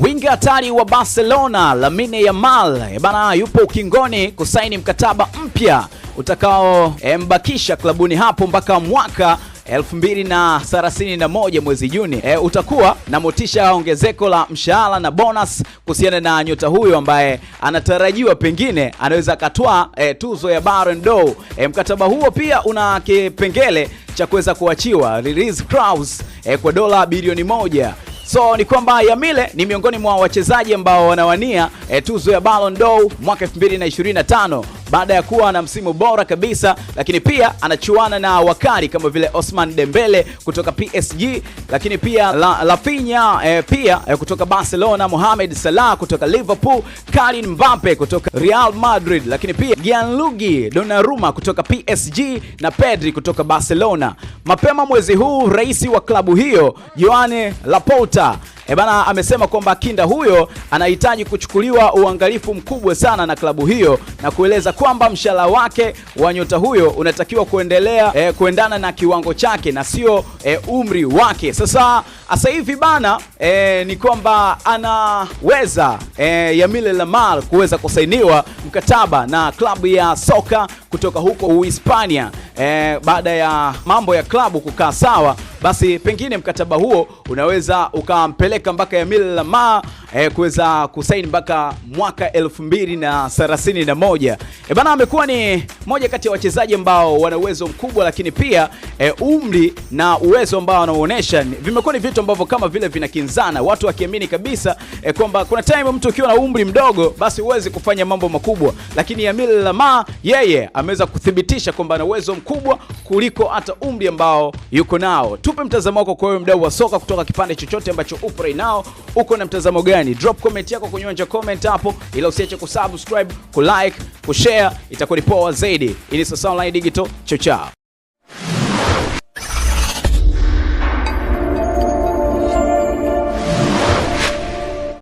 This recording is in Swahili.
Winga hatari wa Barcelona Lamine Yamal e bana, yupo ukingoni kusaini mkataba mpya utakaombakisha eh, klabuni hapo mpaka mwaka 2031 mwezi Juni. E, utakuwa na motisha ya ongezeko la mshahara na bonus kuhusiana na nyota huyo ambaye anatarajiwa pengine anaweza akatwaa e, tuzo ya Ballon d'Or. E, mkataba huo pia una kipengele cha kuweza kuachiwa release clause e, kwa dola bilioni moja. So ni kwamba Yamile ni miongoni mwa wachezaji ambao wanawania e, tuzo ya Ballon d'Or mwaka 2025 baada ya kuwa na msimu bora kabisa, lakini pia anachuana na wakali kama vile Osman Dembele kutoka PSG, lakini pia lafinya e, pia e, kutoka Barcelona, Mohamed Salah kutoka Liverpool, Kylian Mbappe kutoka Real Madrid, lakini pia Gianluigi Donnarumma kutoka PSG na Pedri kutoka Barcelona. Mapema mwezi huu rais wa klabu hiyo joane Laporta Ebana eh, amesema kwamba kinda huyo anahitaji kuchukuliwa uangalifu mkubwa sana na klabu hiyo na kueleza kwamba mshahara wake wa nyota huyo unatakiwa kuendelea e, kuendana na kiwango chake na sio e, umri wake. Sasa asa hivi bana e, ni kwamba anaweza e, Yamile Lamal kuweza kusainiwa mkataba na klabu ya soka kutoka huko Uhispania. E, baada ya mambo ya klabu kukaa sawa, basi pengine mkataba huo unaweza ukampeleka mpaka Yamil Yamal e, eh, kuweza kusaini mpaka mwaka 2031. E eh, bana, amekuwa ni moja kati ya wachezaji ambao wana uwezo mkubwa, lakini pia e, umri na uwezo ambao wanaoonyesha vimekuwa ni vitu ambavyo kama vile vinakinzana, watu wakiamini kabisa e, kwamba kuna time mtu ukiwa na umri mdogo basi huwezi kufanya mambo makubwa, lakini Yamil Yamal yeye yeah, yeah, ameweza kuthibitisha kwamba ana uwezo mkubwa kuliko hata umri ambao yuko nao. Tupe mtazamo wako kwa wewe mdau wa soka kutoka kipande chochote ambacho upo right now, uko na mtazamo gani? Drop comment yako uwanja comment hapo, ila usiache kusubscribe, kulike, kushare, itakuwa ni poa zaidi. Ili sasa online digital chao chao.